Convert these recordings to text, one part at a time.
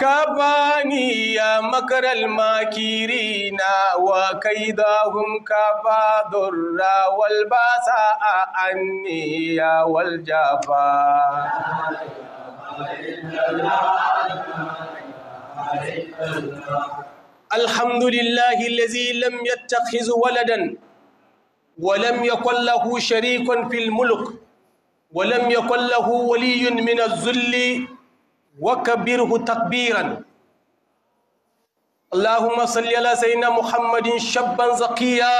كاباني يا مكر الماكرين وكيدهم كفى ضرا والباساء عني والجفا الحمد لله الذي لم يتخذ ولدا ولم يكن له شريك في الملك ولم يكن له ولي من الذل وكبره تكبيرا اللهم صل على سيدنا محمد شابا زكيا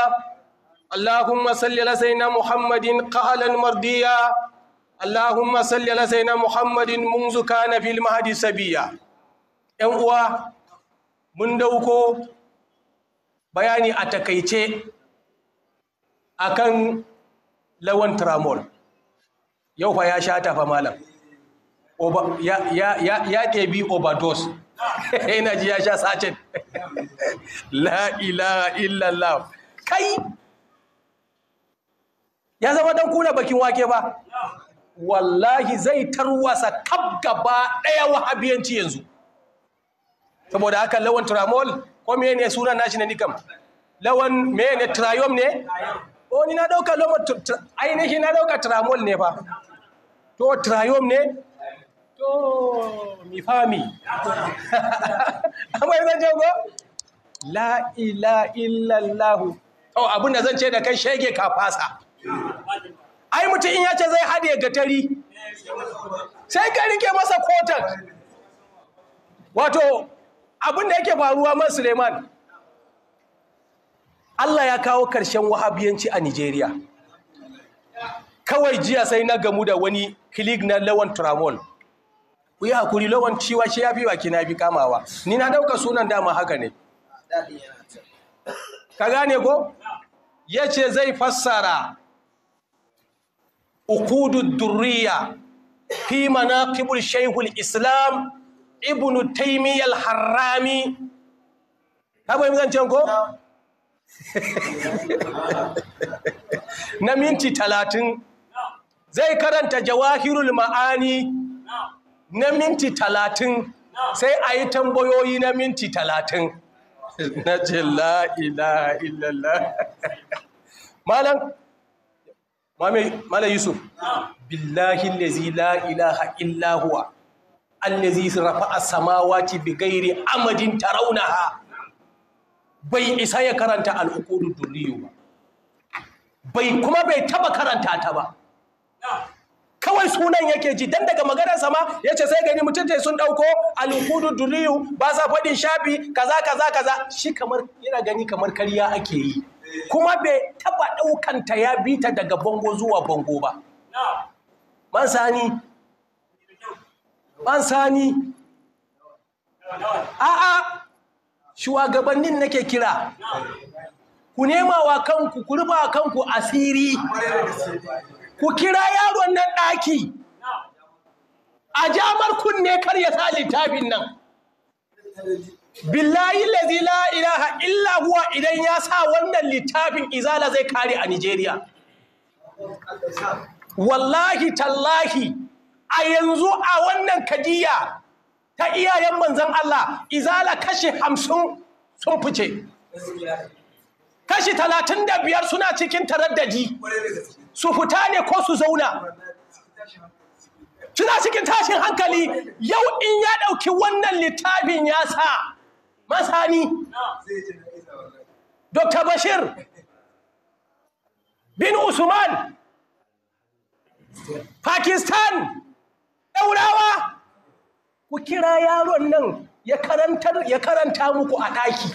اللهم صل على سيدنا محمد قهلا مرضيا اللهم صل على سيدنا محمد منذ كان في المهد سبيا yan uwa mun dauko bayani a takaice akan lawan tramol yau fa ya sha tafa malam ya ɗabi overdose yana ji ya sha sacin la'ila illallah kai ya zama don kuna bakin wake ba wallahi zai tarwasa kaf gaba ɗaya wahabiyanci yanzu saboda haka lawan tramol ko me ne sunan nashi na nikam lawan me ne triom ne o ni na ɗauka lawan ainihi na ɗauka tramol ne ba to triom ne to mi fami zan ce la ila illallah oh abin zan ce da kai shege ka fasa ai mutum in ya ce zai haɗe gatari sai ka rike masa kotar. wato abin da yake faruwa man suleiman allah ya kawo ƙarshen wahabiyanci a Nijeriya. kawai jiya sai na gamu da wani kilik na lawan tramol ku yi hakuri lawan ciwa shi ya fi baki na fi kamawa ni na ɗauka sunan dama haka ne ka gane ko ya ce zai fassara ukudu durriya fi shaihul shaihul islam ibn Harami. harami harrami ka zancen ko na minti talatin zai karanta jawahirul ma'ani na minti talatin sai a yi tambayoyi na minti talatin na ce la'ila illallah malam malam yusuf billahi lazi la'ilaha illahuwa allazi rafa a samawati bi gairi amadin taraunaha bai isa ya karanta al'ukudu duniyu ba bai kuma bai taba karanta ta ba kawai sunan yake ji dan daga maganar sama ya ce sai gani ce sun dauko alhudu duriyu ba sa fadin shafi kaza kaza kaza shi kamar yana gani kamar kariya ake yi kuma bai taba daukan ta ya ta daga bango zuwa bango ba man sani man sani a'a shugabannin nake kira ku nema wa kanku ku rufa kanku asiri ku kira yaron nan ɗaki a jamar kunne kar ya sa littafin nan billahi lazi la ilaha illa huwa idan ya sa wannan littafin izala zai kare a Nigeria wallahi tallahi a yanzu a wannan kadiya ta iyayen manzon Allah izala kashe hamsin sun fice kashi talatin da biyar suna cikin taraddaji, su fita ne ko su zauna suna cikin tashin hankali yau in ya ɗauki wannan littafin ya sa masani dr bashir bin usman pakistan ɗaurawa ku kira yaron nan ya karanta muku a ɗaki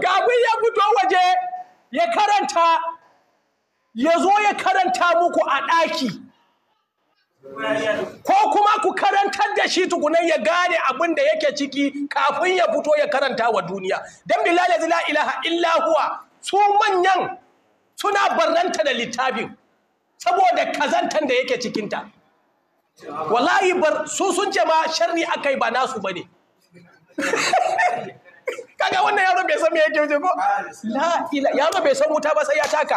kafin ya fito waje ya karanta ya zo ya karanta muku a ɗaki ko kuma ku karantar da shi tukunan ya gane abin da yake ciki kafin ya fito ya karanta wa duniya don bi la ilaha illa huwa su manyan suna barranta da littafin saboda kazantan da yake cikinta wallahi bar su sun ce ma sharri akai ba nasu bane kaga wannan yaro bai san me yake yi ko la ila yaro bai san wuta ba sai ya taka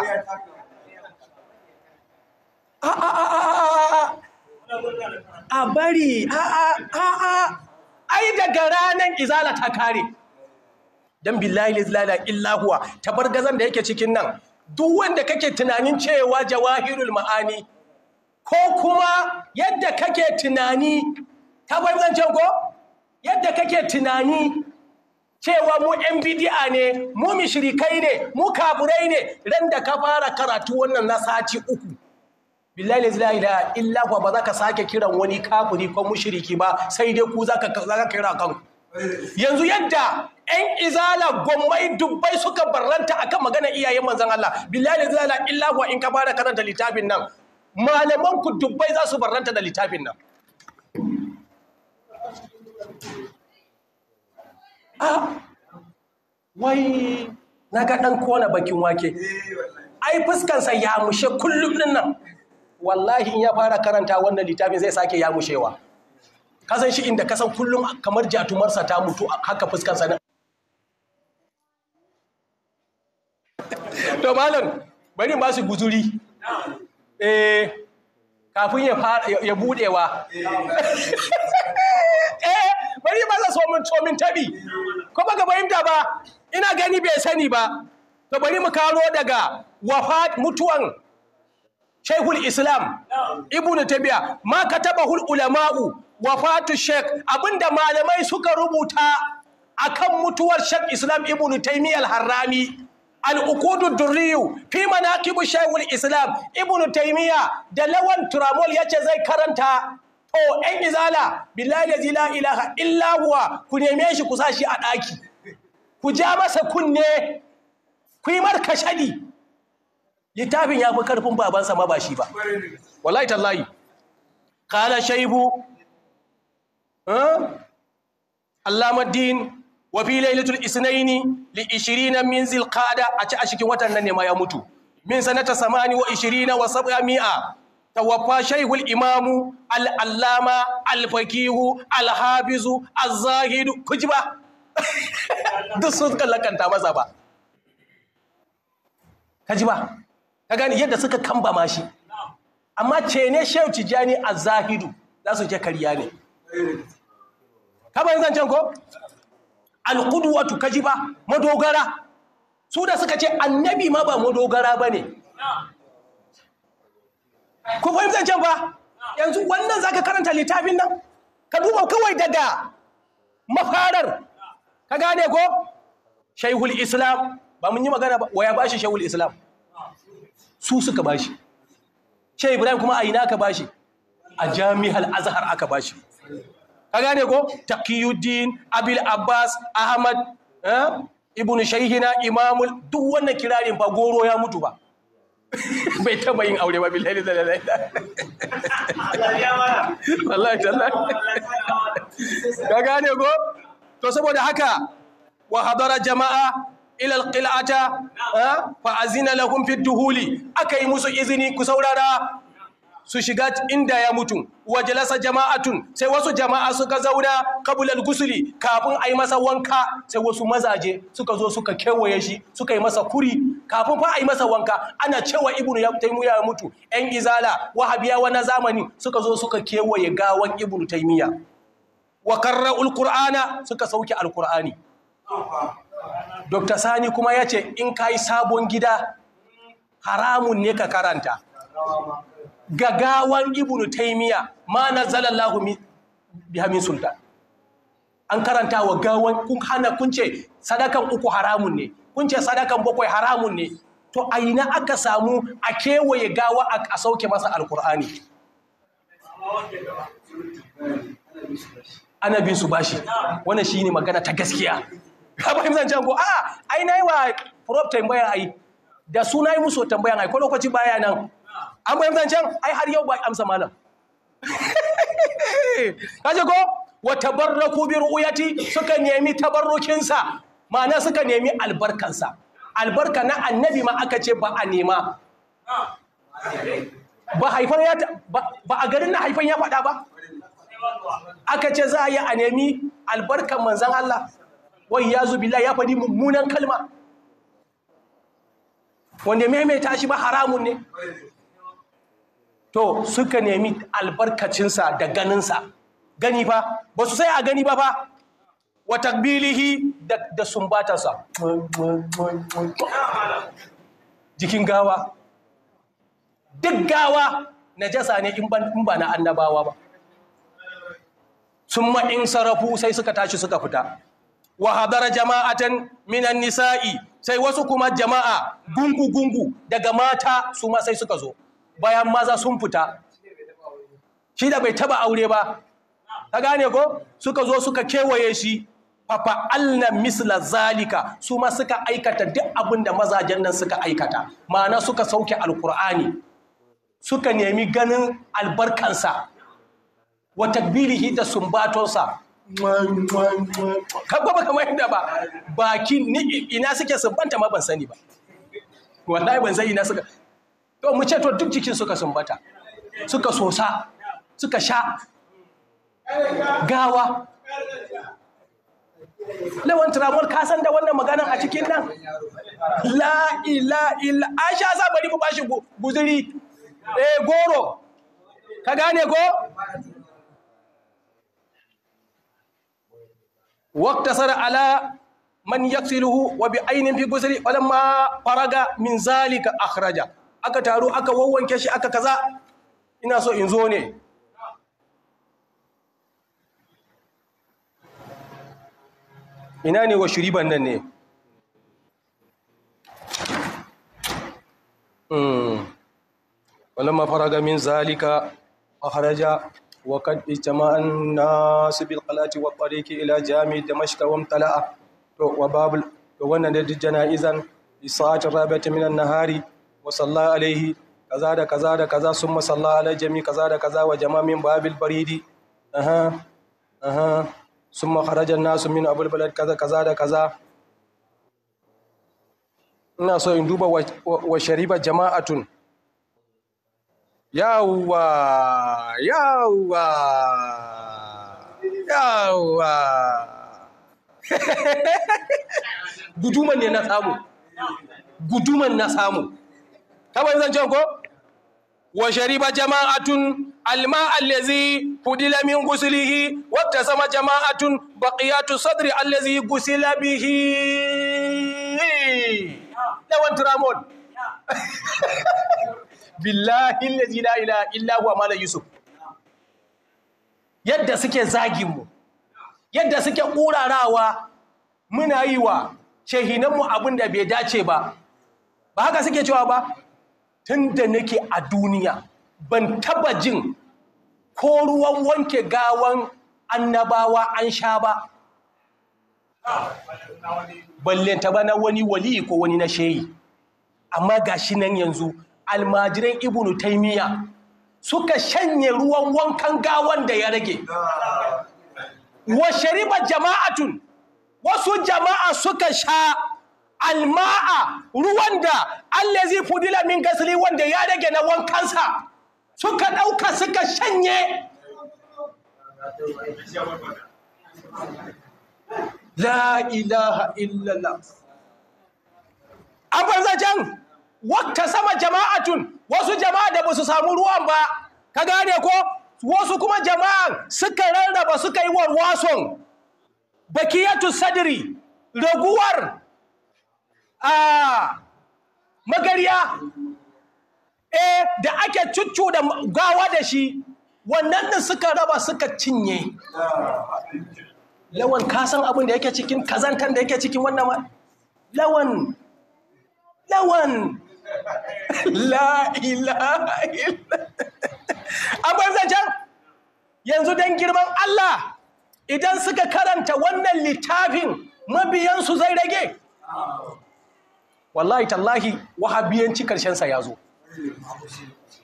a a bari a a a ai daga ranan izala ta kare dan billahi la illa huwa tabargazan da yake cikin nan duk wanda kake tunanin cewa jawahirul ma'ani ko kuma yadda kake tunani ta banzance ko yadda kake tunani cewa mu ‘yan bidi'a ne, mu mishirikai ne, mu kaburai ne, ran da ka fara karatu wannan na sati uku. Billahi la da illa ba za ka sake kiran wani kaburi ko mushiriki ba sai dai ku za ka kira kan. Yanzu yadda ‘yan izala gwammai dubbai suka barranta kan magana iyayen manzan Allah. Billahi la da illa in ka fara karanta littafin nan. Malaman ku dubbai za su barranta da littafin nan. wai na ga ɗan kona bakin wake ai fuskansa ya mushe kullum nan wallahi in ya fara karanta wannan littafin zai sake ya mushewa kasan shi inda kasan kullum kamar jatumarsa ta mutu haka fuskansa na to malam bari ba su guzuri eh kafin ya buɗewa wa. Eh. Eh, bari ba za su mun comin tabi ko ba fahimta ba ina gani bai sani ba to bari mu karo daga wafat mutuwan shaykhul Islam Ibn Tabiya ma katabahul ulama'u wafatu shaykh abinda malamai suka rubuta akan mutuwar shaykh Islam Ibn Taymiyyah Al-Harrami al ad durriyu fi manaqib Shaykhul Islam Ibn Taymiyyah da Lawan Turamol yace zai karanta o yan izala billahi la ilaha illa huwa ku neme shi ku sa shi a ɗaki ku ja masa kunne ku yi marka shaɗi littafin ya fi karfin babansa ma ba shi ba wallahi tallahi ƙala shaibu allamaddin wa fi lailatul isnaini li 20 min zilƙada a ci a cikin watan nan ne ma ya mutu min sanata samani wa ishirina wa sab'a mi'a توفى شيخ alfakihu, الألامة الفقيه ku ji ba. duk sun kallakanta masa ba kaji ba ka gani yadda suka kamba ma shi amma ce ne shehu tijani a zahidu za su je kariya ne kaba yin zancen ko alkuduwatu kaji ba madogara su da suka ce annabi ma ba madogara ba ne kun fahimta can fa yanzu wannan zaka karanta littafin nan ka duba kawai daga mafarar ka gane ko shaihul islam ba mun yi magana ba waya bashi shaihul islam su suka bashi shai ibrahim kuma a ina ka bashi a jami'al azhar aka bashi ka gane ko taqiyuddin abil abbas ahmad eh, ibnu shaihina imamul duk wannan kirarin ba goro ya mutu ba bai taba yin aure ba billahi da lalai wallahi tallahi ka gane ko to saboda haka wa hadara jama'a ila alqil'ata eh, fa azina lahum fi duhuli akai musu izini ku saurara su shiga inda ya mutu wa jalasa jama'atun sai wasu jama'a suka zauna kabulal gusuli kafin a yi masa wanka sai wasu mazaje suka zo suka kewaye shi suka yi masa kuri kafin fa a yi masa wanka ana cewa ibnu ya taymiya ya mutu yan izala wahabiyawa na zamani suka zo suka kewaye gawan ibnu taymiya wa karra'ul qur'ana suka sauke alqur'ani Dr. Sani kuma ya ce in ka yi sabon gida haramun ne ka karanta. gagawan ibn taimiya ma nazzalallahu biha min sultan an karanta wa gawan kun hana kun ce sadakan uku haramun ne kun ce sadakan bakwai haramun ne to a na aka samu a kewaye gawa a sauke masa alkur'ani ana bin su bashi wannan shine magana ta gaskiya ka bayan zan jango a ai yi wa prop tambayar ai da su yi musu tambayar ai ko lokaci baya nan an bayan zancen ai har yau ba amsa malam kaje ko wa tabarraku bi ru'yati suka nemi tabarrukinsa ma'ana suka nemi albarkansa albarka na annabi ma aka ce ba a nema ba haifan ya ba a garin na haifan ya faɗa ba aka ce za a yi a nemi albarkan manzan Allah wai ya zubi ya faɗi mummunan kalma wanda maimaita shi ba haramun ne to suka nemi albarkacinsa da ganinsa gani fa ba su sai a gani ba fa wa takbilihi da sumbatarsa jikin gawa duk gawa na jasa ne in ba na annabawa ba sun in sarrafu sai suka tashi suka fita wa hadara jama'atan minan nisa'i sai wasu kuma jama'a gungu-gungu daga mata su ma sai suka zo bayan maza sun fita shi da bai taba aure ba ta gane ko suka zo suka kewaye shi fafa alna misla zalika su ma suka aikata duk abin da mazajen nan suka aikata ma'ana suka sauke alkur'ani suka nemi ganin albarkansa wa takbirihi da sumbatonsa kaɓa ba kamar yadda ba baki ina suke sumbanta ma ban sani ba wallahi ban sani ina suka to mu ce to duk jikin suka sumbata suka sosa suka sha gawa lawan tramol ka san da wannan maganan a cikin nan la ila an sha sa bari mu bashi guzuri eh goro ka gane ko واقتصر على wabi يقتله وبعين في قسر ولما min من ذلك أخرجه aka taru aka wawanke shi aka kaza ina so in zo ne ina ne wa shuriban nan ne hmm. wadda mafara zalika a haraja wa kaɗi jama'an na su bilkalati wa ƙwariki ila jami da mashikawar tala'a wa babu wannan da dijjana izan isa a tarabata minan wa alaihi kaza da kaza da kaza sun masalla ala jami kaza da kaza wa jamamin babil baridi aha aha sun makarajan nasu min abul balad kaza kaza da kaza ina so in duba wa shariba jama'atun yawwa yawwa yawwa guduman ne na samu guduman na samu taba zan ce ko wa shariba jama'atun alma allazi min gusulihi wata sama jama'atun baqiyatu sadri allazi gusila bihi lawan tramon billahi allazi la ilaha illa huwa mala yusuf yadda suke zagin mu yadda suke kurarawa muna yi wa shehinanmu abin da bai dace ba ba haka suke cewa ba tun da nake a duniya ban taba jin ko ruwan wanke gawan annabawa an sha ba balle ta bana wani wali ko wani na sheyi. amma gashi nan yanzu almajiran ibnu taimiya suka shanye ruwan wankan gawan da ya rage wa shariba jama'atun wasu jama'a suka sha alma'a ruwan da Allah zai fudi lamin gasli wanda ya rage na wankansa suka ɗauka suka shanye la ilaha illallah wakka sama jama'atun wasu jama'a da ba su samu ruwan ba ka gane ko wasu kuma jama'a suka rarraba suka yi warwason bakiyatu sadri raguwar a magarya eh da ake cuccu da gawa da shi wannan din suka raba suka cinye lawan ka san abin da yake cikin kazantan da yake cikin wannan ma lawan lawan la ilaha illa abin zancen yanzu don girman Allah idan suka karanta wannan littafin mabiyansu zai rage wallahi tallahi wahabiyanci karshen sa ya zo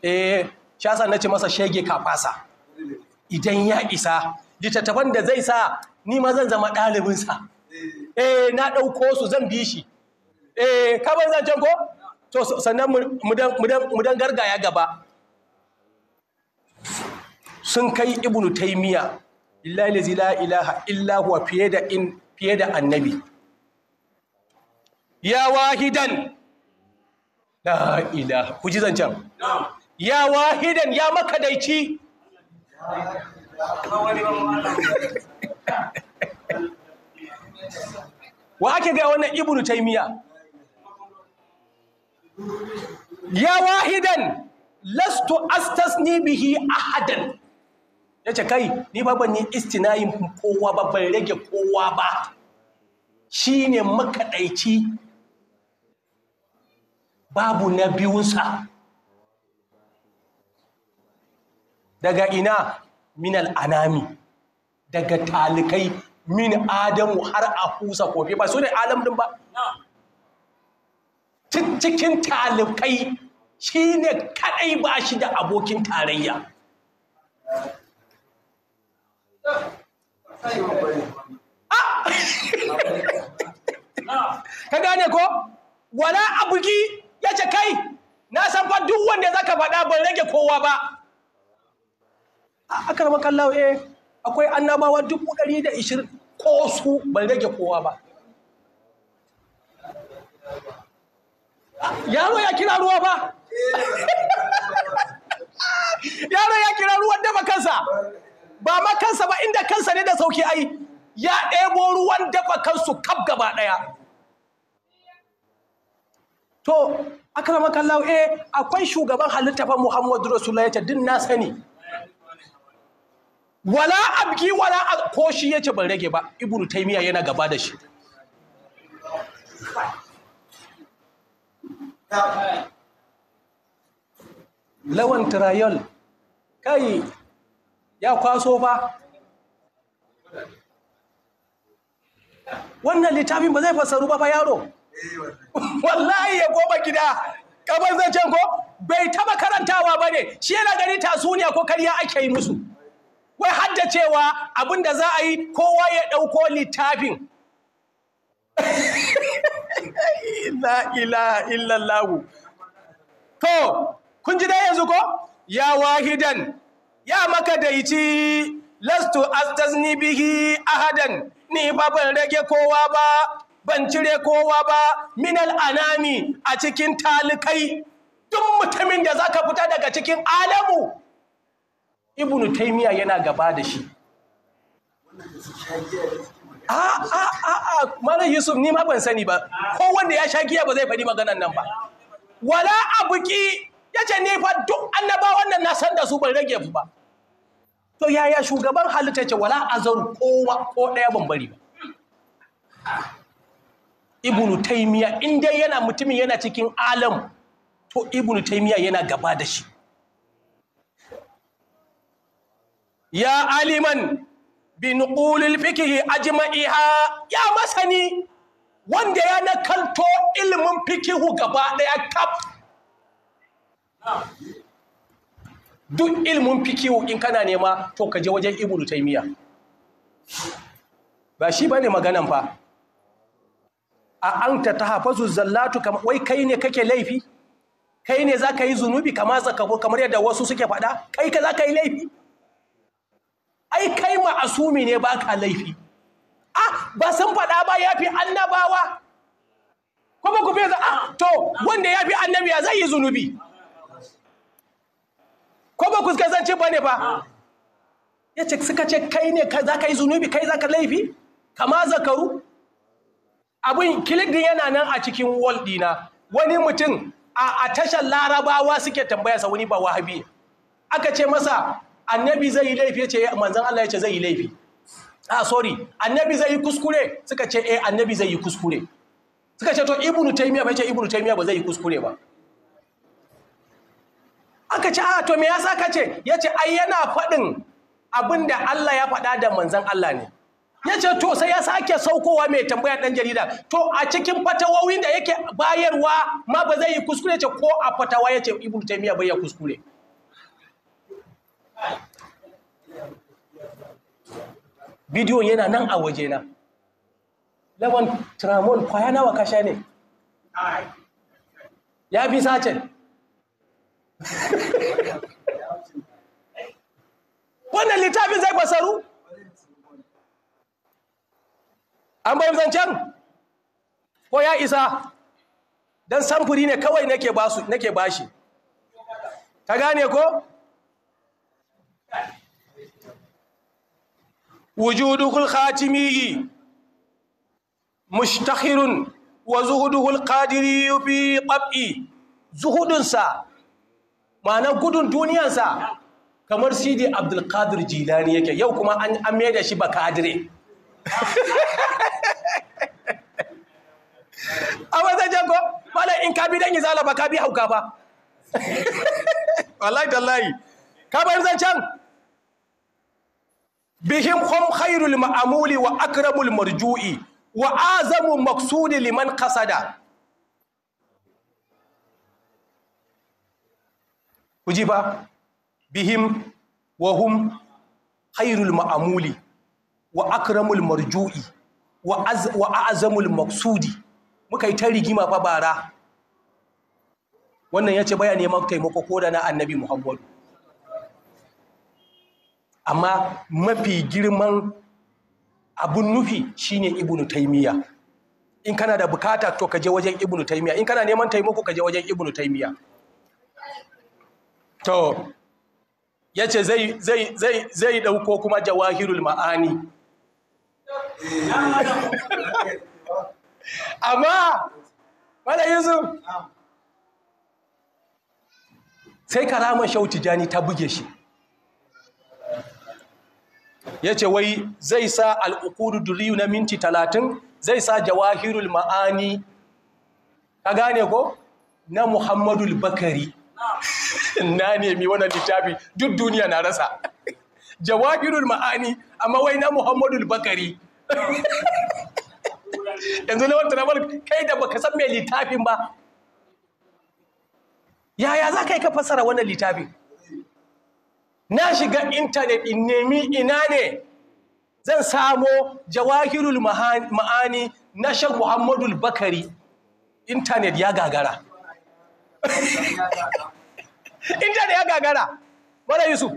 eh shasa na ce masa shege kafasa idan ya isa litattafan da zai sa ni ma zan zama ɗalibinsa eh na ɗauko su zan bi shi eh ka ban zancen ko to sannan mu dan gargaya gaba sun kai ibnu taymiya lillahi la ilaha illa huwa fiye da annabi ya wahidan la ilaha ku ji zancen ya wahidan ya makadaici wa ake ga wannan ibnu taymiya ya wahidan lastu astasni bihi ahadan yace kai ni ba ban yi istinayin kowa ba ban rage kowa ba shine makadaici babu na biyunsa daga ina min al'anami daga talikai min adamu har a kusa kofi ba su ne alam din ba cikin talikai shi ne kadai ba shi da abokin tarayya ah! ka gane ko wala abuki ta ce kai na san fa duk wanda zaka faɗa ban rage kowa ba a karama kallawa eh akwai annabawa dubu ɗari da ishirin ko su ban rage kowa ba yaro ya kira ruwa ba yaro ya kira ruwan dafa kansa ba ma kansa ba inda kansa ne da sauki ai ya ɗebo ruwan dafa kansu kaf gaba ɗaya to akrama kallahu eh akwai shugaban halitta fa muhammadu rasulullahi yace din na sani wala abki wala ko shi ce ban rage ba ibnu taymiya yana gaba da shi lawan trial kai ya kwaso fa wannan littafin ba zai fasaru ba fa yaro wallahi ya goma gida kamar zancen ko bai taba karantawa ba ne shi yana gani tasuniya ko karya ake yi musu wai hadda cewa abin da za a yi kowa ya ɗauko littafin la ilaha illallahu to kun ji dai yanzu ko ya wahidan ya maka daici lastu astazni bihi ahadan ni ba ban rage kowa ba ban cire kowa ba minal anami a cikin talikai duk mutumin da zaka fita daga cikin alamu ibnu taymiya yana gaba da shi a a a a mana yusuf ni ma ban sani ba ko ya sha giya ba zai faɗi maganan nan ba wala abuki yace ne fa duk annabawan nan na san da su ban rage ba to yaya shugaban halitta ce wala azaru kowa ko ɗaya ban bari ba ibnu taymiya in dai yana mutumin yana cikin alam to ibnu taymiya yana gaba da shi ya aliman bi nuqulil fiqhi ajma'iha ya masani wanda ya nakalto ilmin fikihu gaba daya kaf duk ilimin fikihu in kana nema to ka je wajen ibnu taymiya ba shi bane maganan fa a an ta tahafazu zallatu kamar wai kai ne kake laifi kai ne za ka yi zunubi kama zakabo kamar yadda wasu suke faɗa kai ka za ka yi laifi ai kai ma asumi ne ba ka laifi ah ba sun faɗa ba ya fi annabawa kuma ku fesa ah to wanda ya fi annabi ya zai yi zunubi ko ba ku kasance ba ne ba ya ce suka ce kai ne za ka yi zunubi kai za ka laifi kama zakaru abin kilidin din yana nan a cikin wall dina wani mutum a tashar larabawa suke tambaya sa wani ba wahabi aka ce masa annabi zai yi laifi ya ce eh, manzon Allah ya ce zai yi laifi ah sorry annabi zai yi kuskure suka ce eh annabi zai yi kuskure suka ce to ibnu taymiya bai ce ibnu taymiya ba zai yi kuskure ba aka ce a ah, to me yasa ka ce yace ai yana faɗin abinda Allah ya faɗa da manzon Allah ne ya ce to sai ya sake saukowa mai tambaya dan jarida to a cikin fatawawin da yake bayarwa ma ba zai yi kuskure ce ko a fatawa ya ce ibnu taymiya bai ya kuskure bidiyon yana nan a waje na lawan tramon kwaya nawa kasha ne ya fi sacin wannan littafin zai basaru an bayan zancen ko ya isa don samfuri ne kawai nake ba shi ka gane ko? wujudukul khatimiyi mushtakhirun wa zuhudukul qadiri fi qab'i zuhudunsa ma'ana gudun duniyansa kamar sidi abdulkadir jilani yake yau kuma an da shi bakadire a wazajen ko malam in ka bi dan izala ba ka bi hauka ba wallahi tallahi ka bar zancen bihim hum khairul ma'amuli wa akramul marju'i wa azamu maksudi liman kasada ku ji ba bihim wa hum khairul ma'amuli wa akramul marju'i wa azamul maksudi muka yi ta rigima fa bara wannan ya ce baya neman taimako ko da na annabi muhammadu amma mafi girman abun nufi shine ibnu taimiyya in kana da bukata to ka je wajen ibnu taimiyya in kana neman taimako ka wajen ibnu taimiyya to ya ce zai dauko kuma jawahirul ma'ani amma yanzu sai karamar shauti jani ta buge shi ya ce wai zai sa al’ukuru duriyu na minti talatin zai sa jawahirul ma'ani ka gane ko na muhammadul bakari na nemi wannan littafi duk duniya na rasa jawahirul ma'ani amma wai na muhammadul bakari yanzu na wata travel kai da baka san mai littafin ba yaya za ka yi ka fasara wannan littafin na shiga intanet in nemi ina ne zan samo jawahirul ma'ani na shan muhammadul bakari intanet ya gagara intanet ya gagara mara yusuf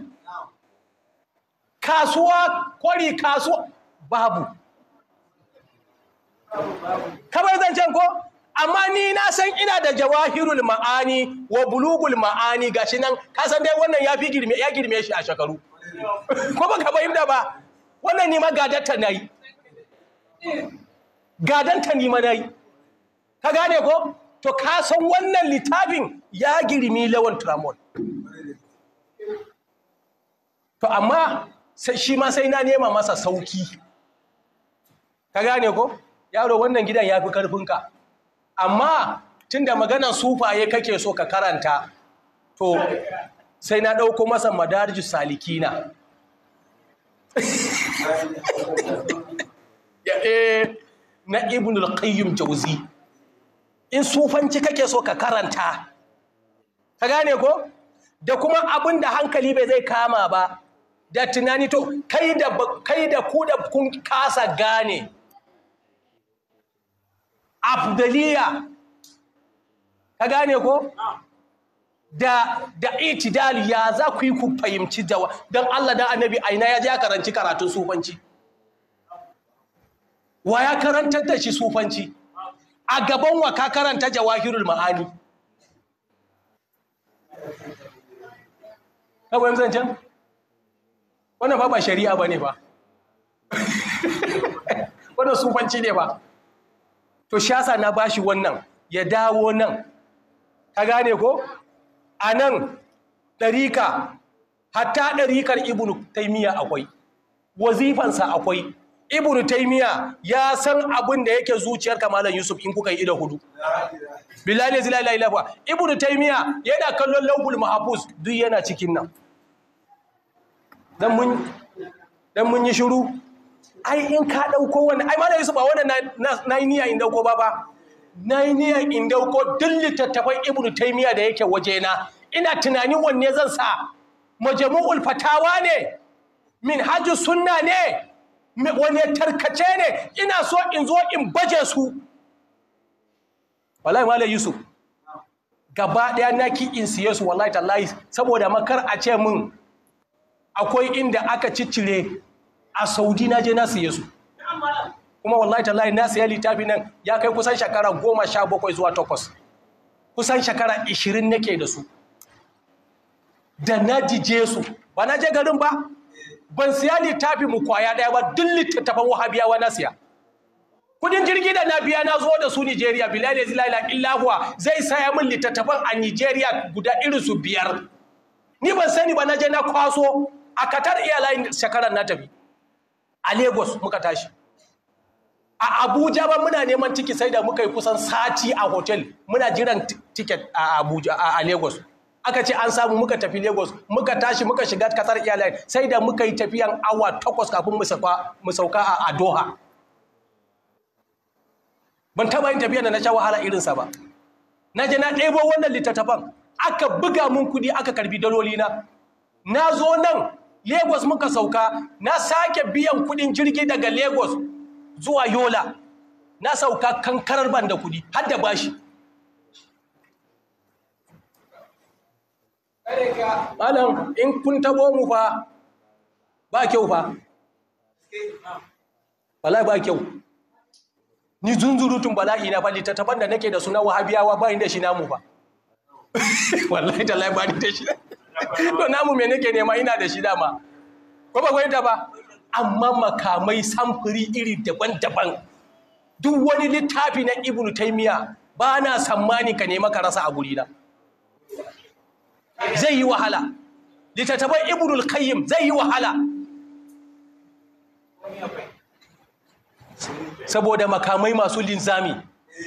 kasuwa kwari kasuwa babu kamar can ko amma ni na san ina da jawahirul ma'ani wa bulugul ma'ani gashi nan ka san dai wannan ya fi girme ya girme shi a shekaru ko ba ka fahimta ba wannan ni ma gadanta nayi gadanta ni ma nayi ka gane ko to ka san wannan littafin ya girmi lawan tramol to amma sai shi ma sai na nema masa sauki ka gane ko yaro wannan gidan ya fi karfinka amma tunda maganar sufaye kake so ka karanta to sai na ɗauko masa madarijus salikina eh, na ibn al-qayyim jauzi in sufanci kake so ka karanta ka gane ko da kuma abin da hankali bai zai kama ba da tunani to kai da ku da kun kasa gane afdaliya ka gane ko da da itidal ya za ku yi ku fahimci da don Allah da annabi aina ya ja karanci karatun sufanci wa ya karanta da shi sufanci a gaban wa ka karanta jawahirul ma'ani kawai yanzu zancen wannan ba ba shari'a ba ne ba wannan sufanci ne ba to shasa na bashi wannan ya dawo nan ka gane ko a nan ɗarika hatta ɗarikar ibn taimiyya akwai wazifansa akwai ibn taimiyya ya san abin da yake zuciyar kamalan yusuf in kuka yi ido hudu bilali zila la ilaha ibnu yana kallon lawhul mahabus duk yana cikin nan dan mun yi shiru ai in ka ɗauko wannan ai malam yusuf ba wannan na yi niyya in ɗauko ba ba na yi niyya in ɗauko duk littattafan ibnu taimiya da yake waje na, ina tunanin wanne zan sa majmu'ul fatawa ne hajji sunna ne wanne tarkace ne ina so in zo in baje su wallahi malam yusuf gaba ɗaya na ki in siye su wallahi tallahi saboda makar a ce min akwai inda aka ciccire a saudi na je na siye su kuma wallahi tallahi na siya littafi nan ya kai kusan shekara goma sha bakwai zuwa takwas kusan shekara ishirin nake da su da na jije su ba na je garin ba ban siya littafi mu kwaya daya ba duk littattafan wahabiyawa na siya kudin jirgi da na biya na zo da su Nigeria bilal zilala illahuwa zai saya min littattafan a Nigeria guda irin su biyar ni ban sani ba na je na kwaso a Qatar airline shekarar na tafi a Lagos muka tashi a Abuja ba muna neman tiki sai da muka yi kusan sati a hotel muna jiran tiket a Abuja a Lagos aka ce an samu muka tafi Lagos muka tashi muka shiga kasar airline sai da muka yi tafiyan awa takwas kafin mu sauka a Doha ban taba yin tafiyan da na sha wahala irinsa ba na je na ɗebo wannan littattafan aka buga mun kuɗi aka karbi daloli na na zo nan Lagos muka sauka na sake biyan kudin jirgi daga Lagos zuwa Yola na sauka kankarar ban da kudi har da bashi Malam in kun tabo mu fa ba kyau fa wallahi ba kyau ni zunzurutun bala'i na ta taban da nake da sunan wahabiyawa ba inda shi namu ba wallahi tallahi ba ni da shi to namu me nake nema ina da shi dama ko ba fahimta ba amma makamai samfuri iri daban-daban duk wani littafi na ibnu taymiya ba na sammani ka nema ka rasa a gurina zai yi wahala littattafan ibnu al-qayyim zai yi wahala saboda makamai masu linzami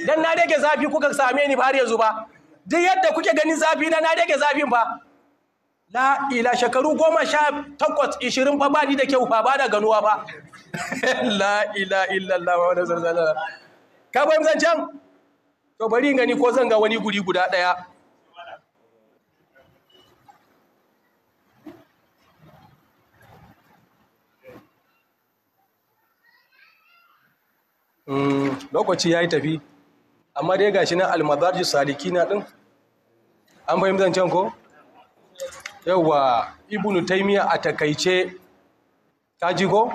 dan na rage zafi kuka same ni har yanzu ba duk yadda kuke ganin zafi na na rage zafin ba la ila shekaru goma sha takwas ishirin fa ba ni da kyau fa ba da ganuwa ba la ila illallah wa wani zarzala ka bayan zancen to bari gani ko zan ga wani guri guda ɗaya hmm, lokaci ya yi tafi amma dai gashi na almazarji saliki na ɗin an fahimtar can ko? yawa ibnu taimiya a takaice ta jigo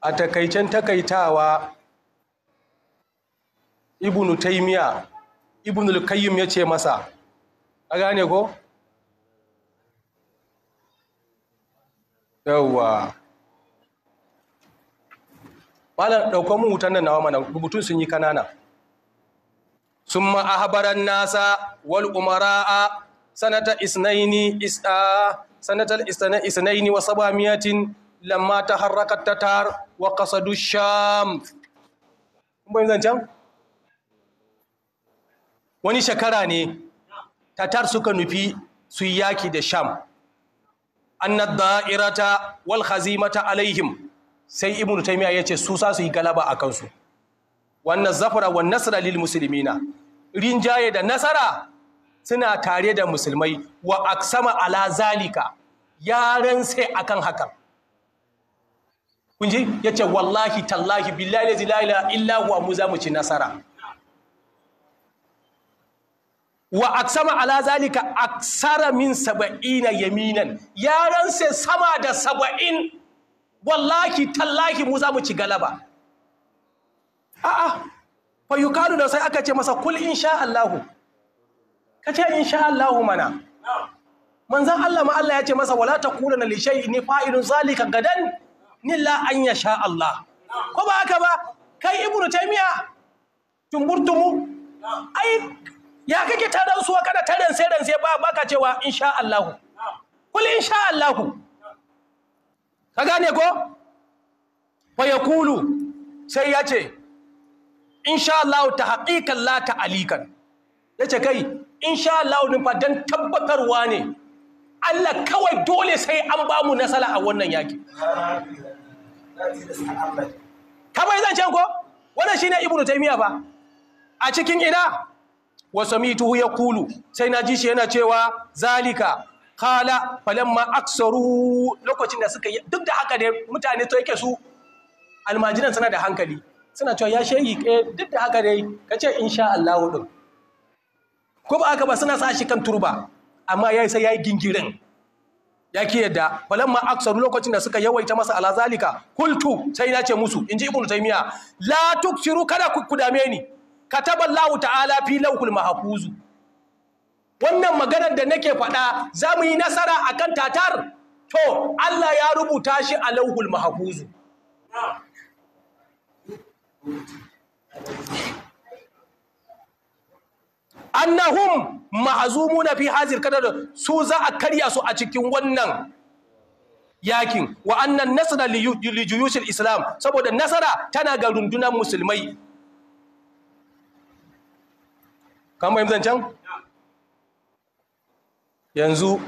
a takaicen takaitawa ibnu taimiya ibnu al ya ce masa a gane ko yawa malar ɗaukon mutan wutan nan nawa mana rubutun sun yi kanana sun ma'ahabaran nasa wal umara'a sanata isnaini is'a sanatal isnaini wa sabamiyatin lamma taharrakat tatar wa qasadu sham kun bayin wani shekara ne tatar suka nufi su yaki da sham annad da'irata wal khazimata alaihim sai ibnu taymiya yace su sa su yi galaba a kansu wannan zafara wan nasra lil muslimina rinjaye da nasara suna tare da musulmai wa aksama ala zalika yaran sai akan hakan kunji ya ce wallahi tallahi billahi la ilaha illa wa mu za mu ci nasara wa aksama ala zalika aksara min saba'ina yaminan yaran sai sama da saba'in wallahi tallahi mu za mu ci galaba a'a fa yukalu da sai aka ce masa kul insha Allahu ka ce insha Allahu mana manzan Allah ma Allah ya ce masa wala ta na lishai ni fa'idun zalika gadan illa an sha Allah ko ba haka ba kai ibnu taymiya tumburtumu ai ya kake ta rantsuwa kada ta dan sai ba ka cewa Allah Allahu kul ka gane ko fa yaqulu sai ya ce sha Allah ta haqiqan la ta alikan yace kai insha Allah din ba dan tabbatarwa ne Allah kawai dole sai an ba mu nasara a wannan yaki Kamar zan can ko wannan shine ibnu taymiya fa a cikin ina Wasu ya Kulu, sai na ji shi yana cewa zalika kala ma aksaru lokacin da suka yi duk da haka dai mutane to yake su almajinan suna da hankali suna cewa ya shehi eh, duk da haka dai ka in insha Allah din ko ba aka ba suna sa shi kan turba amma yayi sai yayi gingirin ya ke yadda balamma aksaru lokacin da suka yawaita masa alazalika? kultu sai na ce musu inji ibnu taymiya la tuksiru kada ku dame ni kataba allah ta'ala fi lawkul mahfuz wannan maganar da nake faɗa za mu yi nasara a kan tatar to allah ya rubuta shi a lawkul mahfuz annahum mahzumuna fi hazir kadar su za a karya su a cikin wannan yakin wa annan nasara li juyushil islam saboda nasara tana ga rundunar musulmai kan bayan zancen yanzu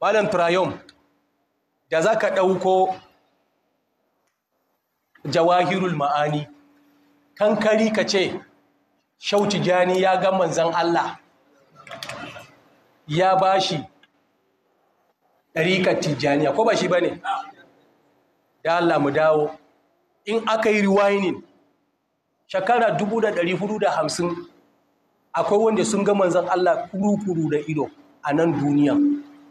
malam trayom da za ka ɗauko jawahirul ma'ani kankari ka ce shauci jani ya ga manzan Allah ya ba shi ɗarikar tijjaniya ko ba shi ba ne da Allah mu dawo in aka yi rewinding shekara 1450 akwai wanda sun ga manzan Allah kuru-kuru da ido a nan duniya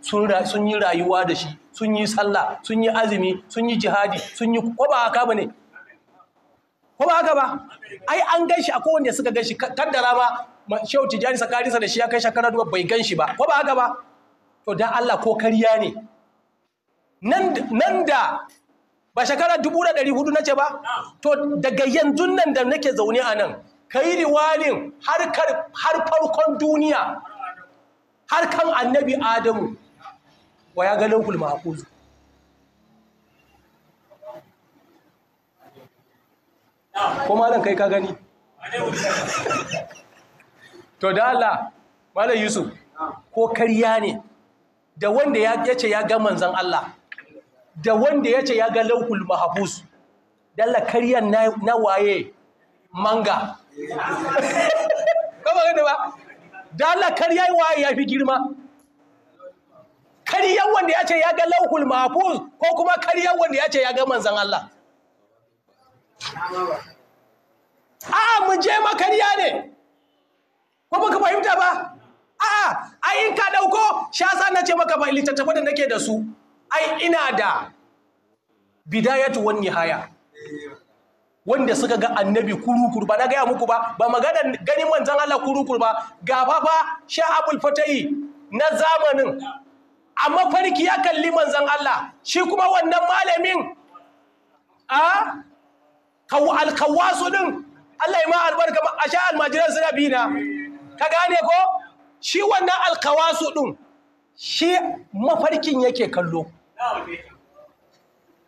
sun yi rayuwa da shi sun yi sallah sun yi azumi sun yi jihadi sun yi kwaba haka ba ne ko ba haka ba ai an gan shi a kowanne suka gan shi kaddara ba shehu tijjani da shi ya kai shakara duba bai gan shi ba ko ba haka ba to dan Allah ko kariya ne nan da ba shekara dubu da ɗari hudu nace ba to daga yanzu nan da nake zaune a nan ka yi riwalin har farkon duniya har kan annabi adamu wa ya ga lokul mahakuzu ko malam kai ka gani to da Allah malam Yusuf ko kariya ne da wanda ya ce ya ga manzan Allah da wanda ya ce ya ga lauhul mahabus dalla kariya na waye manga kama gani ba dalla kariya waye ya fi girma kariyan wanda ya ce ya ga lauhul mahabus ko kuma kariyan wanda ya ce ya ga manzan Allah a'a mu je makariya ne ko baka fahimta ba a'a ai in ka dauko sa na ce maka ba littattafa da nake da su ai ina da bidayatu wan nihaya wanda suka ga annabi kurukuru ba na gaya muku ba ba magana ganin manzon Allah kurukuru ba ga fa sha'abul fatayi na zamanin a mafarki ya kalli manzon Allah shi kuma wannan malamin a alkawasu din Allah ya ma albarka a sha almajiran na ka gane ko shi wannan alkawasu din shi mafarkin yake kallo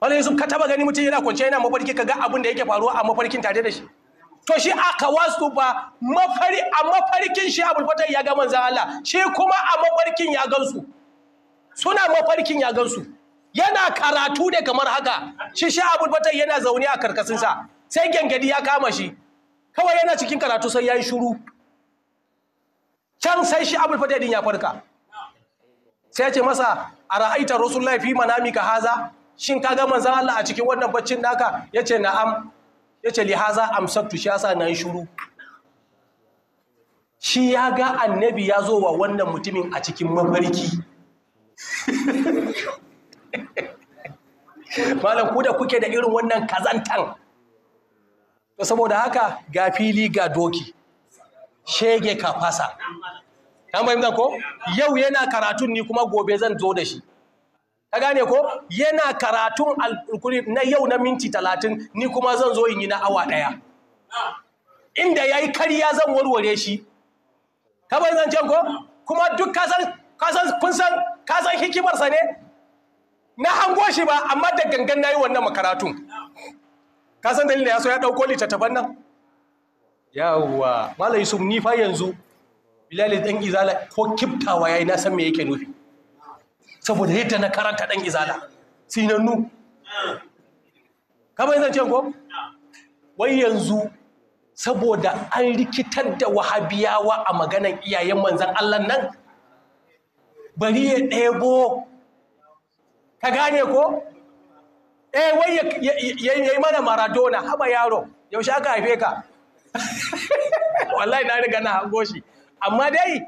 wani yusuf ka taba gani mutum yana kwance yana mafarki ka ga abin da yake faruwa a mafarkin tare da shi to shi a kawasu ba mafari a mafarkin shi abul fatai ya ga manzan Allah shi kuma a mafarkin ya gansu suna mafarkin ya gansu yana karatu ne kamar haka shi sha abu batai yana zaune a karkasinsa sai gyangyadi ya kama shi kawai yana cikin karatu sai ya yi shuru can sai shi abu din ya farka sai ya ce masa a ra'aita rasulullahi fi manami ka haza shin ka ga manzan Allah a cikin wannan baccin naka ya na'am ya ce lihaza amsaktu shi yasa na yi shuru shi ya ga annabi ya zo wa wannan mutumin a cikin mafarki malam ku da kuke da irin wannan kazantan to saboda haka ga fili ga doki shege ka fasa an da ko yau yana karatun ni kuma gobe zan zo da shi ka gane ko yana karatun alkuri na yau na minti talatin ni kuma zan zo in yi na awa ɗaya inda yayi yi karya zan warware shi ka bai zan ko kuma duk kasan kun san kasan hikimarsa ne na hango shi ba amma da gangan na yi wannan makaratun ka san dalilin ya so ya ɗauko littattafan nan yawwa malam yusuf ni fa yanzu bilal dan izala ko kiftawa yayi na san me yake nufi saboda yadda na karanta dan izala sinannu kamar zan ce ko wai yanzu saboda an rikitar da wahabiyawa a maganar iyayen manzan Allah nan bari ya ɗebo ka gane ko eh wai ya yi mana maradona haba yaro yaushe aka haife ka wallahi na riga na hango shi amma dai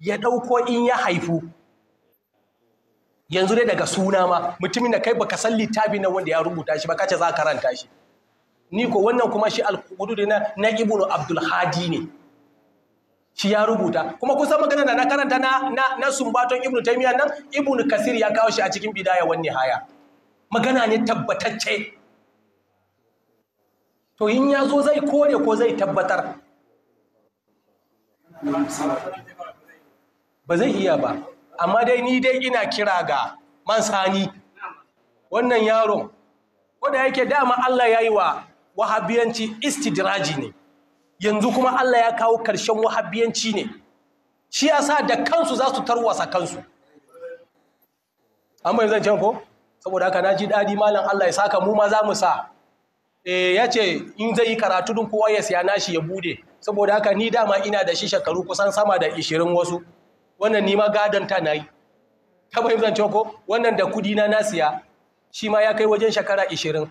ya ɗauko in ya haifu yanzu dai daga suna ma mutumin da kai baka san littafi na wanda ya rubuta shi ba kace za ka ranta shi ni ko wannan kuma shi alkudu na na ibnu abdul hadi ne shi ya rubuta kuma kusan magana da na karanta na na, na sumbaton ibnu taymiya nan ibnu kasir ya kawo shi a cikin bidaya wan nihaya magana ne tabbatacce to in ya zo zai kore ko zai tabbatar ba zai iya ba amma dai ni dai ina kira ga man sani. wannan yaron wanda yake dama Allah yayi wa wahabiyanci istidraji ne yanzu kuma Allah ya kawo ƙarshen wahabiyanci ne shi ya sa da kansu za su tarwasa kansu an bayan zancen ko saboda haka na ji daɗi malam Allah ya saka mu ma za mu sa eh, ya ce in zai yi karatu din kowa ya siya nashi ya bude saboda haka ni dama ina da shi shekaru kusan sama da ishirin wasu wannan ni ma gadon ta na yi ta bayan zancen ko wannan da kudi na siya shi ma ya kai wajen shekara ishirin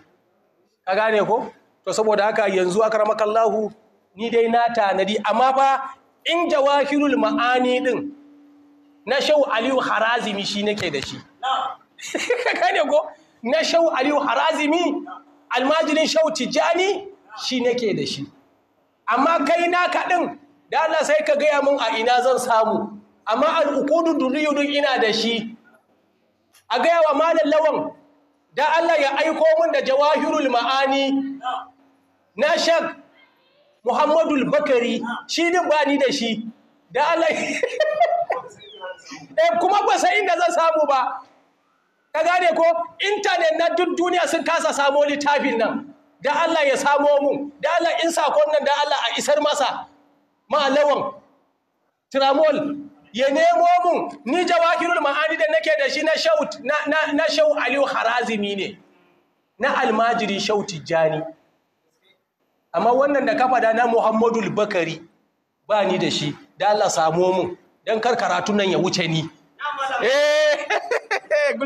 ka gane ko to saboda haka yanzu akaramakallahu ni dai na tanadi amma fa in jawahirul ma'ani din na shau aliyu harazimi shi nake da shi kane ko na shau aliyu harazimi almajirin shau tijjani shi nake da shi amma kai na kaɗin? da Allah sai ka gaya mun a ina zan samu amma al'ukudu duniyu din ina da shi a gaya wa malam lawan da Allah ya aiko min da jawahirul ma'ani na shak Muhammadul Bakari shi din ba ni da shi da Allah eh kuma ba sai inda zan samu ba ka gane ko intanet na duk duniya sun kasa samo littafin nan da Allah ya samo mu da Allah in sakon nan da Allah a isar masa malawan tramol ya nemo mun ni jawahirul ma'ani da nake da shi na shaut na shau Aliyu Harazimi ne na almajiri shau Tijjani amma wannan da ka da na Muhammadu Bakari ba ni da shi da Allah samo mun dan kar karatu nan ya wuce ni eh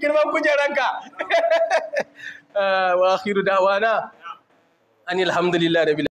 girman kujeranka eh, wa akhiru da'wana anil hamdulillahi